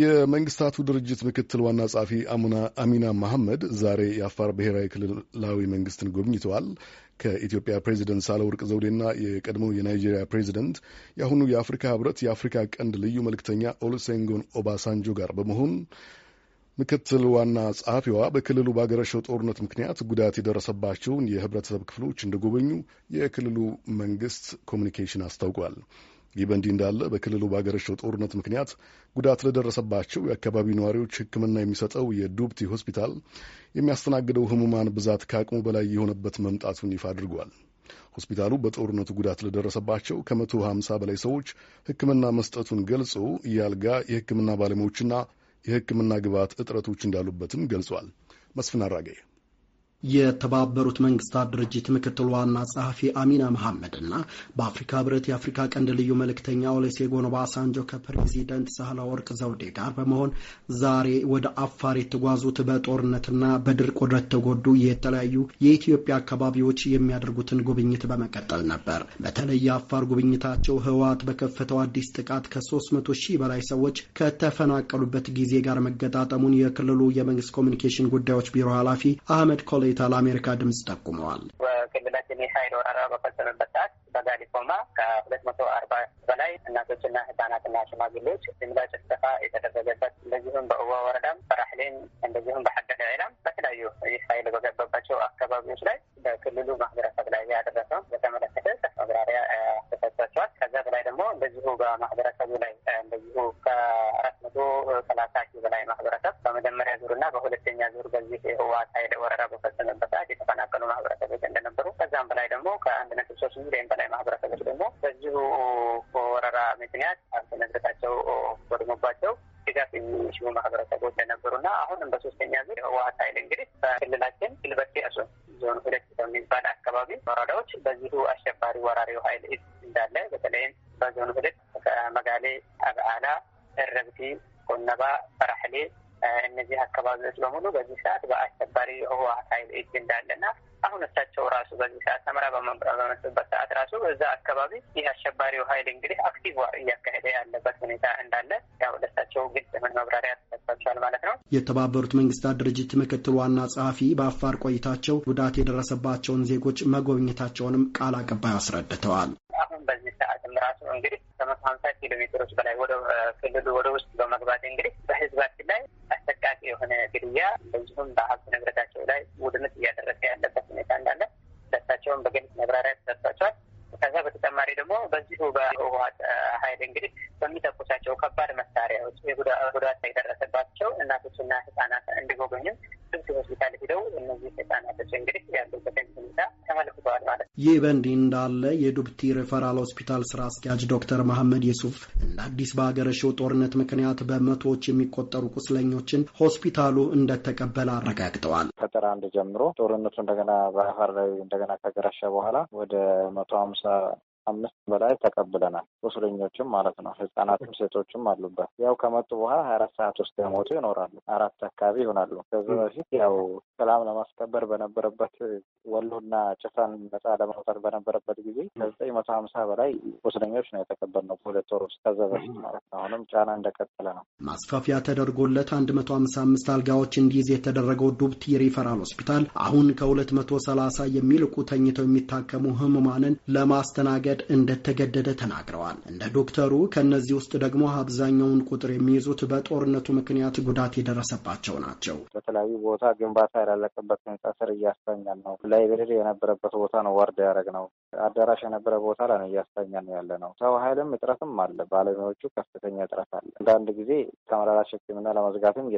የመንግስታቱ ድርጅት ምክትል ዋና ጸሐፊ አሚና መሐመድ ዛሬ የአፋር ብሔራዊ ክልላዊ መንግስትን ጎብኝተዋል። ከኢትዮጵያ ፕሬዚደንት ዘውዴ ዘውዴና የቀድሞ የናይጄሪያ ፕሬዚደንት የአሁኑ የአፍሪካ ህብረት የአፍሪካ ቀንድ ልዩ መልክተኛ ኦሉሴጉን ኦባሳንጆ ጋር በመሆን ምክትል ዋና ጸሐፊዋ በክልሉ ባገረሸው ጦርነት ምክንያት ጉዳት የደረሰባቸውን የህብረተሰብ ክፍሎች እንደጎበኙ የክልሉ መንግስት ኮሚኒኬሽን አስታውቋል። ይህ በእንዲህ እንዳለ በክልሉ ባገረሸው ጦርነት ምክንያት ጉዳት ለደረሰባቸው የአካባቢው ነዋሪዎች ሕክምና የሚሰጠው የዱብቲ ሆስፒታል የሚያስተናግደው ህሙማን ብዛት ከአቅሙ በላይ የሆነበት መምጣቱን ይፋ አድርጓል። ሆስፒታሉ በጦርነቱ ጉዳት ለደረሰባቸው ከመቶ ሃምሳ በላይ ሰዎች ሕክምና መስጠቱን ገልጾ የአልጋ የሕክምና ባለሙያዎችና የሕክምና ግብዓት እጥረቶች እንዳሉበትም ገልጿል። መስፍን አራጌ የተባበሩት መንግስታት ድርጅት ምክትል ዋና ጸሐፊ አሚና መሐመድ እና በአፍሪካ ህብረት የአፍሪካ ቀንድ ልዩ መልእክተኛ ኦሉሴጉን ኦባሳንጆ ከፕሬዚደንት ወርቅ ዘውዴ ጋር በመሆን ዛሬ ወደ አፋር የተጓዙት በጦርነትና በድርቅ ወደተጎዱ የተለያዩ የኢትዮጵያ አካባቢዎች የሚያደርጉትን ጉብኝት በመቀጠል ነበር። በተለይ የአፋር ጉብኝታቸው ህወሓት በከፈተው አዲስ ጥቃት ከ300 ሺህ በላይ ሰዎች ከተፈናቀሉበት ጊዜ ጋር መገጣጠሙን የክልሉ የመንግስት ኮሚኒኬሽን ጉዳዮች ቢሮ ኃላፊ አህመድ ኮሌ ሁኔታ ለአሜሪካ ድምፅ ጠቁመዋል። በክልላችን የሀይል ወረራ በፈጸመበት ሰዓት በጋሊኮማ ከሁለት መቶ አርባ በላይ እናቶችና ህጻናትና ሽማግሌዎች ድምላ ጭፍጨፋ የተደረገበት እንደዚሁም በእዋ ወረዳም በራህሌን እንደዚሁም በሐደዳ ዒላም በተለያዩ ይህ ሀይል በገባባቸው አካባቢዎች ላይ በክልሉ ማህበረሰብ ላይ ያደረሰው በተመለከተ ማብራሪያ ተሰጥቷቸዋል። ከዛ በላይ ደግሞ እንደዚሁ በማህበረ አንድ ነጥብ ሶስት ሚሊዮን በላይ ማህበረሰቦች ደግሞ በዚሁ ወረራ ምክንያት ሀብት ንብረታቸው ወድሞባቸው ድጋፍ የሚሽሙ ማህበረሰቦች የነበሩና አሁንም በሶስተኛ ዙር ህወሀት ኃይል እንግዲህ በክልላችን ክልበት ያሱ ዞን ሁለት በሚባል አካባቢ ወረዳዎች በዚሁ አሸባሪ ወራሪው ኃይል እንዳለ በተለይም በዞን ሁለት መጋሌ፣ አብዓላ፣ እረብቲ፣ ኮነባ፣ ፈራሕሌ እነዚህ አካባቢዎች በሙሉ በዚህ ሰዓት በአሸባሪ ህወሀት ኃይል እጅ እንዳለና አሁን እሳቸው ራሱ በዚህ ሰዓት ተመራ በመምስበት ሰዓት ራሱ እዛ አካባቢ ይህ አሸባሪው ኃይል እንግዲህ አክቲቭ ዋር እያካሄደ ያለበት ሁኔታ እንዳለ ያው ለእሳቸው ግልጽ ምን መብራሪያ ተሰጥቷቸዋል ማለት ነው። የተባበሩት መንግስታት ድርጅት ምክትል ዋና ጸሐፊ በአፋር ቆይታቸው ጉዳት የደረሰባቸውን ዜጎች መጎብኘታቸውንም ቃል አቀባይ አስረድተዋል። አሁን በዚህ ሰዓትም ራሱ እንግዲህ ከመቶ ሀምሳ ኪሎ ሜትሮች በላይ ወደ ክልሉ ወደ ውስጥ በመግባት እንግዲህ በህዝባችን ላይ አሰቃቂ የሆነ ግድያ እንደዚሁም በሀብት ንብረታቸው ላይ ውድመት እያደረሰ ያለበት መሆናቸውን በግልጽ መብራሪያ ተሰጥቷቸዋል። ከዛ በተጨማሪ ደግሞ በዚሁ በህወሓት ኃይል እንግዲህ በሚተኩሳቸው ከባድ መሳሪያዎች ጉዳት የደረሰባቸው እናቶችና ህጻናት እንዲጎበኙ ስንት ሆስፒታል ሄደው እነዚህ ህጻናቶች እንግዲህ ያሉበትን ሁኔታ ተመልክተዋል ማለት ነው። ይህ በእንዲህ እንዳለ የዱብቲ ሪፈራል ሆስፒታል ስራ አስኪያጅ ዶክተር መሐመድ የሱፍ እንደ አዲስ በሀገረሸው ጦርነት ምክንያት በመቶዎች የሚቆጠሩ ቁስለኞችን ሆስፒታሉ እንደተቀበለ አረጋግጠዋል። ከጥር አንድ ጀምሮ ጦርነቱ እንደገና በአፋር ላይ እንደገና ከገረሸ በኋላ ወደ መቶ ሀምሳ አምስት በላይ ተቀብለናል። ቁስለኞችም ማለት ነው። ህጻናትም ሴቶችም አሉበት። ያው ከመጡ በኋላ ሀያ አራት ሰዓት ውስጥ የሞቱ ይኖራሉ። አራት አካባቢ ይሆናሉ። ከዚህ በፊት ያው ሰላም ለማስከበር በነበረበት ወሎና ጭፋን ነጻ ለማውጣት በነበረበት ጊዜ ከዘጠኝ መቶ ሀምሳ በላይ ቁስለኞች ነው የተቀበልነው በሁለት ወር ውስጥ ከዛ በፊት ማለት ነው። አሁንም ጫና እንደቀጠለ ነው። ማስፋፊያ ተደርጎለት አንድ መቶ ሀምሳ አምስት አልጋዎች እንዲይዝ የተደረገው ዱብቲ ሪፈራል ሆስፒታል አሁን ከሁለት መቶ ሰላሳ የሚልቁ ተኝተው የሚታከሙ ህሙማንን ለማስተናገድ ለመንገድ እንደተገደደ ተናግረዋል። እንደ ዶክተሩ ከእነዚህ ውስጥ ደግሞ አብዛኛውን ቁጥር የሚይዙት በጦርነቱ ምክንያት ጉዳት የደረሰባቸው ናቸው። በተለያዩ ቦታ ግንባታ ያላለቀበት ህንጻ ስር ነው። ላይብረሪ የነበረበት ቦታ ነው ወርድ ያደረግ ነው። አዳራሽ የነበረ ቦታ ላይ ነው እያስታኛል ነው ያለ ነው። ሰው ኃይልም እጥረትም አለ። ባለሙያዎቹ ከፍተኛ እጥረት አለ። አንዳንድ ጊዜ ተመላላሽ ህክምና ለመዝጋትም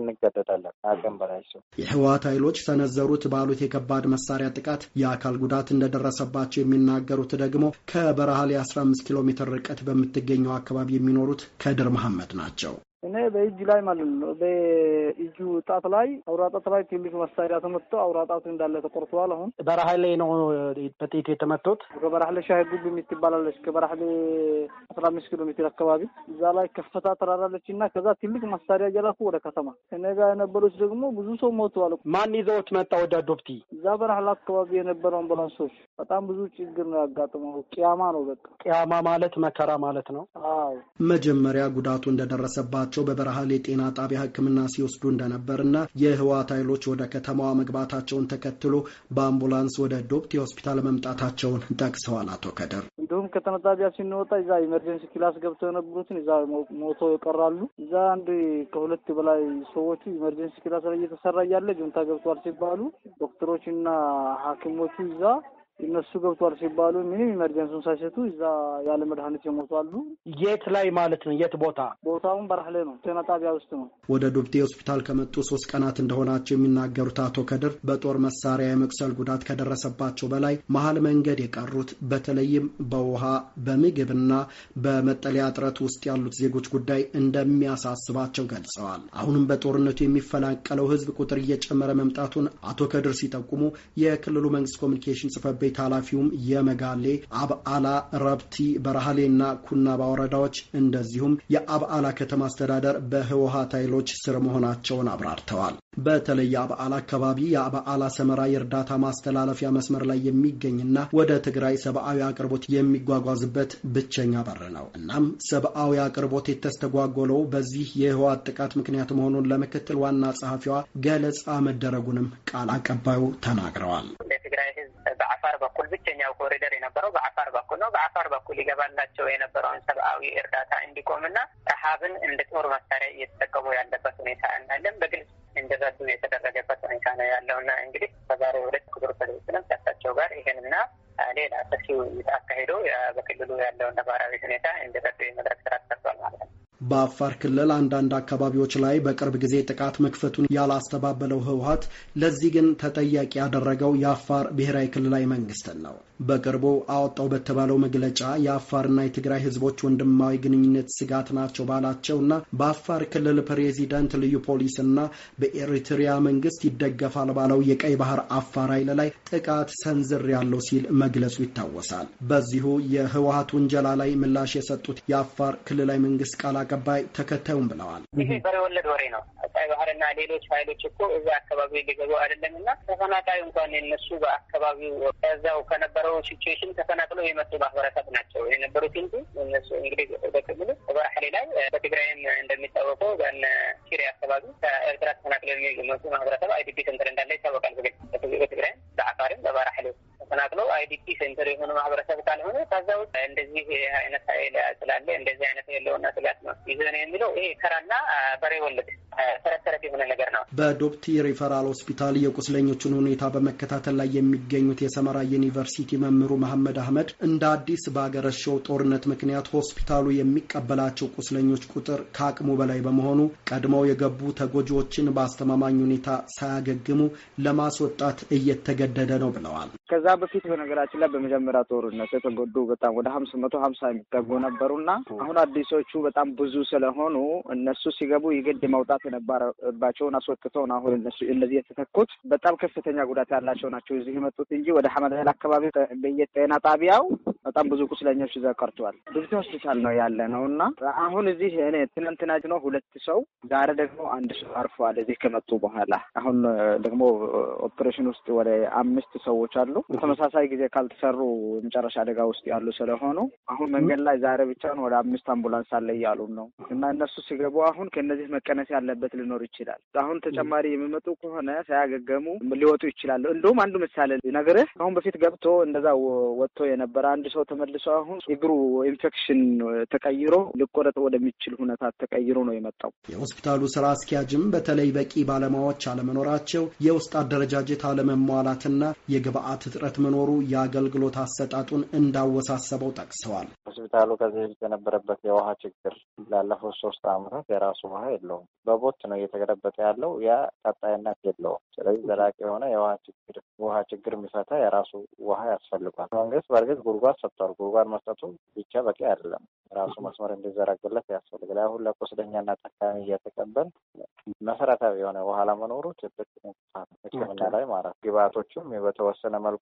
እንገደዳለን። አቅም በላይ ሰው የህወሓት ኃይሎች ሰነዘሩት ባሉት የከባድ መሳሪያ ጥቃት የአካል ጉዳት እንደደረሰባቸው የሚናገሩት ደግሞ ደግሞ ከበረሃሌ 15 ኪሎ ሜትር ርቀት በምትገኘው አካባቢ የሚኖሩት ከድር መሐመድ ናቸው። እኔ በእጅ ላይ ማለት ነው በእጁ ጣት ላይ አውራ ጣት ላይ ትልቅ መሳሪያ ተመቶ አውራ ጣቱ እንዳለ ተቆርተዋል። አሁን ላይ ነው በጥይት የተመቱት። ላይ ሻይ ጉብ የምትባላለች ላይ አስራ አምስት ኪሎ ሜትር አካባቢ እዛ ላይ ከፍታ ተራራለች እና ከዛ ትልቅ መሳሪያ ጀላኩ ወደ ከተማ። እኔ ጋር የነበሩት ደግሞ ብዙ ሰው ሞተዋል። ማን ይዘውት መጣ ወደ ዶብቲ? እዛ ላይ አካባቢ የነበረው አምቡላንሶች በጣም ብዙ ችግር ነው ያጋጥመው። ቅያማ ነው በቃ ቅያማ ማለት መከራ ማለት ነው። አዎ መጀመሪያ ጉዳቱ እንደደረሰባት በመሆናቸው በበረሃ የጤና ጣቢያ ሕክምና ሲወስዱ እንደነበርና የህወሓት ኃይሎች ወደ ከተማዋ መግባታቸውን ተከትሎ በአምቡላንስ ወደ ዶብቲ ሆስፒታል መምጣታቸውን ጠቅሰዋል። አቶ ከደር እንዲሁም ከተማ ጣቢያ ስንወጣ እዛ ኢመርጀንሲ ክላስ ገብተው የነበሩትን እዛ ሞቶ ይቀራሉ። እዛ አንድ ከሁለት በላይ ሰዎቹ ኢመርጀንሲ ክላስ ላይ እየተሰራ እያለ ጁንታ ገብቷል ሲባሉ ዶክተሮች ዶክተሮችና ሐኪሞቹ እዛ እነሱ ገብቷል ሲባሉ ምንም ኢመርጀንሱን ሳይሰጡ እዛ ያለ መድኃኒት የሞቱ አሉ። የት ላይ ማለት ነው? የት ቦታ? ቦታውን በራህሌ ነው፣ ጤና ጣቢያ ውስጥ ነው። ወደ ዱብቴ ሆስፒታል ከመጡ ሶስት ቀናት እንደሆናቸው የሚናገሩት አቶ ከድር በጦር መሳሪያ የመቁሰል ጉዳት ከደረሰባቸው በላይ መሀል መንገድ የቀሩት በተለይም በውሃ በምግብና በመጠለያ እጥረት ውስጥ ያሉት ዜጎች ጉዳይ እንደሚያሳስባቸው ገልጸዋል። አሁንም በጦርነቱ የሚፈናቀለው ህዝብ ቁጥር እየጨመረ መምጣቱን አቶ ከድር ሲጠቁሙ የክልሉ መንግስት ኮሚኒኬሽን ጽፈት ቤት ኃላፊውም የመጋሌ አብአላ፣ ረብቲ፣ በረሃሌና ኩናባ ወረዳዎች እንደዚሁም የአብአላ ከተማ አስተዳደር በህወሀት ኃይሎች ስር መሆናቸውን አብራርተዋል። በተለይ የአብዓላ አካባቢ የአብዓላ ሰመራ የእርዳታ ማስተላለፊያ መስመር ላይ የሚገኝና ወደ ትግራይ ሰብአዊ አቅርቦት የሚጓጓዝበት ብቸኛ በር ነው። እናም ሰብአዊ አቅርቦት የተስተጓጎለው በዚህ የህወሓት ጥቃት ምክንያት መሆኑን ለምክትል ዋና ጸሐፊዋ ገለጻ መደረጉንም ቃል አቀባዩ ተናግረዋል። ሆኖ በአፋር በኩል ይገባላቸው የነበረውን ሰብአዊ እርዳታ እንዲቆምና ረሀብን እንደ ጦር መሳሪያ እየተጠቀሙ ያለበት ሁኔታ እናለን። በግልጽ እንደዛዱ የተደረገበት ሁኔታ ነው ያለውና እንግዲህ በዛሬ ሁለት ክቡር ፕሬዚደንት ከሳቸው ጋር ይህንና ሌላ ሰፊ ውይይት በክልሉ ያለውን ነባራዊ ሁኔታ እንደረዱ የመድረ በአፋር ክልል አንዳንድ አካባቢዎች ላይ በቅርብ ጊዜ ጥቃት መክፈቱን ያላስተባበለው ህወሀት ለዚህ ግን ተጠያቂ ያደረገው የአፋር ብሔራዊ ክልላዊ መንግስትን ነው። በቅርቡ አወጣው በተባለው መግለጫ የአፋርና የትግራይ ህዝቦች ወንድማዊ ግንኙነት ስጋት ናቸው ባላቸውና በአፋር ክልል ፕሬዚደንት ልዩ ፖሊስና በኤሪትሪያ መንግስት ይደገፋል ባለው የቀይ ባህር አፋር ኃይል ላይ ጥቃት ሰንዝር ያለው ሲል መግለጹ ይታወሳል። በዚሁ የህወሀት ውንጀላ ላይ ምላሽ የሰጡት የአፋር ክልላዊ መንግስት ቃል አቀባይ ተከታዩም ብለዋል። ይሄ በሬ ወለድ ወሬ ነው። ቀይ ባህርና ሌሎች ኃይሎች እኮ እዛ አካባቢ ሊገቡ አይደለም እና ተፈናቃዩ እንኳን የነሱ በአካባቢው ከዛው ከነበረው ሲትዌሽን ተፈናቅሎ የመጡ ማህበረሰብ ናቸው የነበሩት እንጂ እነሱ እንግዲህ በክልሉ በባህሌ ላይ በትግራይም እንደሚታወቀው በነ ሲሪ አካባቢ ከኤርትራ ተፈናቅሎ የመጡ ማህበረሰብ አይዲፒ ሰንተር እንዳለ ይታወቃል። በትግራይም በአፋርም በባራሌ ተፈናቅለው አይዲፒ ሴንተር የሆነ ማህበረሰብ ካልሆነ ከዛ ውጭ እንደዚህ አይነት ኃይል ስላለ እንደዚህ አይነት የለውና ስጋት ነው ይዘን የሚለው ይሄ ከራና በሬ ወለድ ተረት የሆነ ነገር ነው። በዶፕቲ ሪፈራል ሆስፒታል የቁስለኞችን ሁኔታ በመከታተል ላይ የሚገኙት የሰመራ ዩኒቨርሲቲ መምህሩ መሐመድ አህመድ እንደ አዲስ በአገረሸው ጦርነት ምክንያት ሆስፒታሉ የሚቀበላቸው ቁስለኞች ቁጥር ከአቅሙ በላይ በመሆኑ ቀድመው የገቡ ተጎጂዎችን በአስተማማኝ ሁኔታ ሳያገግሙ ለማስወጣት እየተገደደ ነው ብለዋል። ከዛ በፊት በነገራችን ላይ በመጀመሪያ ጦርነት የተጎዱ በጣም ወደ ሀምስት መቶ ሀምሳ የሚጠጉ ነበሩና አሁን አዲሶቹ በጣም ብዙ ስለሆኑ እነሱ ሲገቡ የግድ የማውጣት የነበረባቸውን አስወጥተውን አሁን እነዚህ የተተኩት በጣም ከፍተኛ ጉዳት ያላቸው ናቸው እዚህ የመጡት እንጂ ወደ ሀመድህል አካባቢ በየጤና ጣቢያው በጣም ብዙ ቁስለኞች ይዘ ቀርቷል። ብዙ ሆስፒታል ነው ያለ ነው እና አሁን እዚህ እኔ ትናንትና ነው ሁለት ሰው ዛሬ ደግሞ አንድ ሰው አርፈዋል። እዚህ ከመጡ በኋላ አሁን ደግሞ ኦፕሬሽን ውስጥ ወደ አምስት ሰዎች አሉ። በተመሳሳይ ጊዜ ካልተሰሩ መጨረሻ አደጋ ውስጥ ያሉ ስለሆኑ አሁን መንገድ ላይ ዛሬ ብቻውን ወደ አምስት አምቡላንስ አለ እያሉ ነው እና እነሱ ሲገቡ አሁን ከእነዚህ መቀነስ ያለበት ሊኖር ይችላል። አሁን ተጨማሪ የሚመጡ ከሆነ ሳያገገሙ ሊወጡ ይችላሉ። እንደውም አንዱ ምሳሌ ነገርህ አሁን በፊት ገብቶ እንደዛ ወጥቶ የነበረ አንድ ሰው ተመልሶ አሁን እግሩ ኢንፌክሽን ተቀይሮ ሊቆረጥ ወደሚችል ሁኔታ ተቀይሮ ነው የመጣው። የሆስፒታሉ ስራ አስኪያጅም በተለይ በቂ ባለሙያዎች አለመኖራቸው፣ የውስጥ አደረጃጀት አለመሟላትና የግብአት እጥረት መኖሩ የአገልግሎት አሰጣጡን እንዳወሳሰበው ጠቅሰዋል። ሆስፒታሉ ከዚህ በፊት የነበረበት የውሃ ችግር ላለፉት ሶስት አመታት የራሱ ውሃ የለውም። በቦት ነው እየተገለበጠ ያለው። ያ ቀጣይነት የለውም። ስለዚህ ዘላቂ የሆነ የውሃ ችግር ውሃ ችግር የሚፈታ የራሱ ውሃ ያስፈልጓል። መንግስት በእርግጥ ጉድጓድ ሰጥቷል። ጉድጓድ መስጠቱ ብቻ በቂ አይደለም። ራሱ መስመር እንዲዘረግለት ያስፈልጋል። አሁን ለቁስለኛና ጠቃሚ እየተቀበል መሰረታዊ የሆነ ውሃ ለመኖሩ ትልቅ እንቅፋት ሕክምና ላይ ማለት ግብአቶችም በተወሰነ መልኩ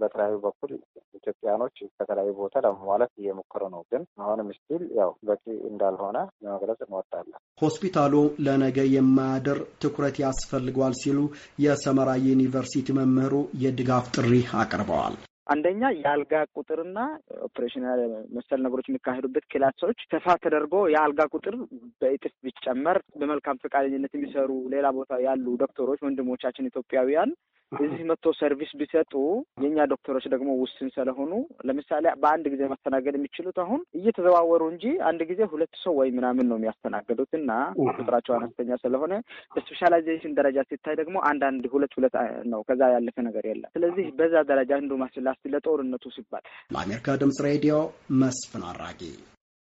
በተለያዩ በኩል ኢትዮጵያኖች ከተለያዩ ቦታ ለመሟላት እየሞ እየሞከሩ ነው። ግን አሁንም ስቲል ያው በቂ እንዳልሆነ ለመግለጽ እንወዳለን። ሆስፒታሉ ለነገ የማያደር ትኩረት ያስፈልገዋል ሲሉ የሰመራ ዩኒቨርሲቲ መምህሩ የድጋፍ ጥሪ አቅርበዋል። አንደኛ የአልጋ ቁጥርና ኦፕሬሽን መሰል ነገሮች የሚካሄዱበት ክላሶች ሰፋ ተደርጎ የአልጋ ቁጥር በእጥፍ ቢጨመር በመልካም ፈቃደኝነት የሚሰሩ ሌላ ቦታ ያሉ ዶክተሮች ወንድሞቻችን ኢትዮጵያውያን እዚህ መጥቶ ሰርቪስ ቢሰጡ የእኛ ዶክተሮች ደግሞ ውስን ስለሆኑ ለምሳሌ በአንድ ጊዜ ማስተናገድ የሚችሉት አሁን እየተዘዋወሩ እንጂ አንድ ጊዜ ሁለት ሰው ወይ ምናምን ነው የሚያስተናገዱት እና ቁጥራቸው አነስተኛ ስለሆነ በስፔሻላይዜሽን ደረጃ ሲታይ ደግሞ አንዳንድ ሁለት ሁለት ነው። ከዛ ያለፈ ነገር የለም። ስለዚህ በዛ ደረጃ እንዱ ማስላስ ለጦርነቱ ሲባል ለአሜሪካ ድምጽ ሬዲዮ መስፍን አራጌ